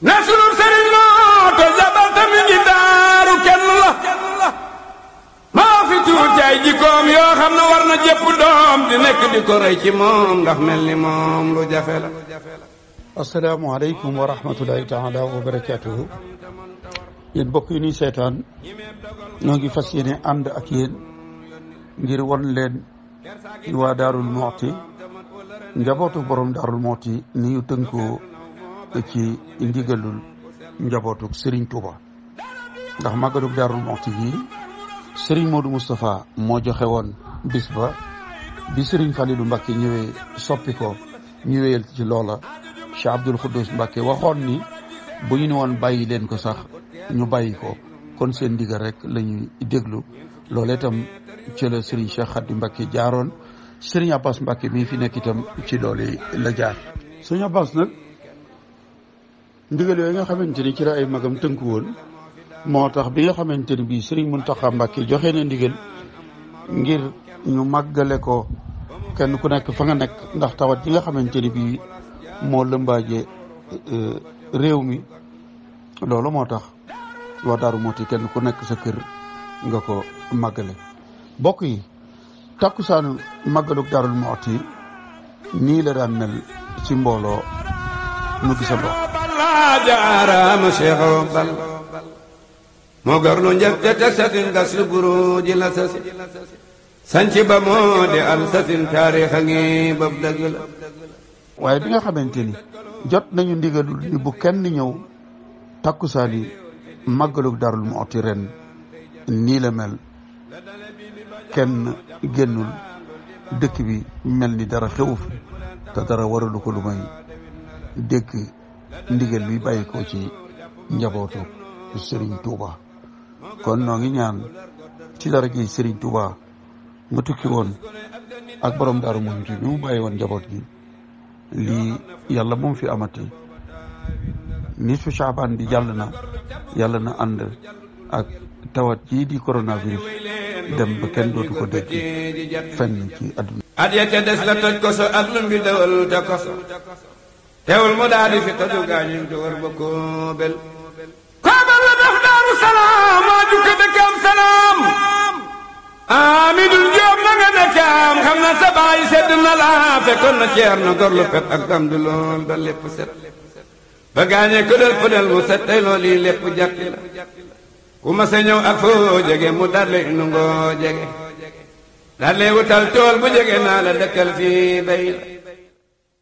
Nasrul sëriñ moo te zabal te mi ngi daaru kenn la moo fi tuur ci ay jikkoom yoo xam ne war di nekk di ko rëy ci moom ndax mel ni lu jafe la asalaamaaleykum wa rahmatullahi taala wa barakaatuhu yéen bokk yi ñuy seetaan noo ngi fas yéene ànd ak yéen ngir won leen waa daarul moxti njabootu borom Darul moxti ni ñu tënkoo ci ndigalul njabootuk Serigne Touba ndax màggalug Daaru Muxti yi Serigne Modou Moustapha moo joxe woon bis ba bi Serigne Falilou Mbacké ñëwee soppikoo ko ñu wéyal ci loola Cheikh Abdoul Khoudous Mbacké waxoon ni bu ñu ne woon bàyyi leen ko sax ñu bàyyi ko kon seen ndigal rek lañuy ñuy déglu loola itam ci la Serigne Cheikh Khady Mbacké jaaroon Serigne Abbas Mbacké mii fi nekk itam ci loolu la jaar Serigne Abbas nag ndigal yooyu nga xamanteni ci la ay magam tënku woon moo tax bi nga xamanteni bi bii Serigne Mountakha Mbacké joxe na ndigal ngir ñu màggale ko kenn ku nekk fa nga nekk ndax tawat yi nga xamanteni bi moo lëmbaaje e, e, réew mi loolu moo tax waa Daaru kenn ku nekk sa kër nga ko màggale bokk yi màggaluk Mooti nii la daan mel ci mbooloo nu gisa bokk jaaraama seexoo moo gor lu njëkk te sasin gas lu buruuji la sas sanc ba moo di am sasin taarix a ngi bab dëgg la waaye bi nga xamante ni jot nañu ndigalul ni bu kenn ñëw takkusaan yi màggalug Daaru Muxti ren nii la mel kenn génnul dëkk bi mel ni dara xew fi te dara waralu ko lu may dëkk ndigal luy bàyyi ko ci njabootu Serigne Touba kon noo ngi ñaan ci dara ji Serigne Touba mu tukki woon ak borom daaru moom ci bi mu bàyyi woon njaboot gi lii yàlla moom fi amati ni su caabaan bi jàll na yàlla na ànd ak tawat jii di coronavirus dem ba kenn dootu ko dégg fenn ci àdduna at ya des la toj koso ak lu mbi dawal ta koso يقول مدارس تدوغا ينتو بكوبل قابل الله دار السلام واجوك بكام سلام آمين الجيب لنا نكام خمنا سباي سيدنا لا فكل نكير نقر لفت أقدم دلول بل لفسر بغاني كدل فدل وستي لولي لفجاك كما سنو أفو جيجي مدار لنغو جيجي لالي وطل طول بجيجي نالا دكال في بيلا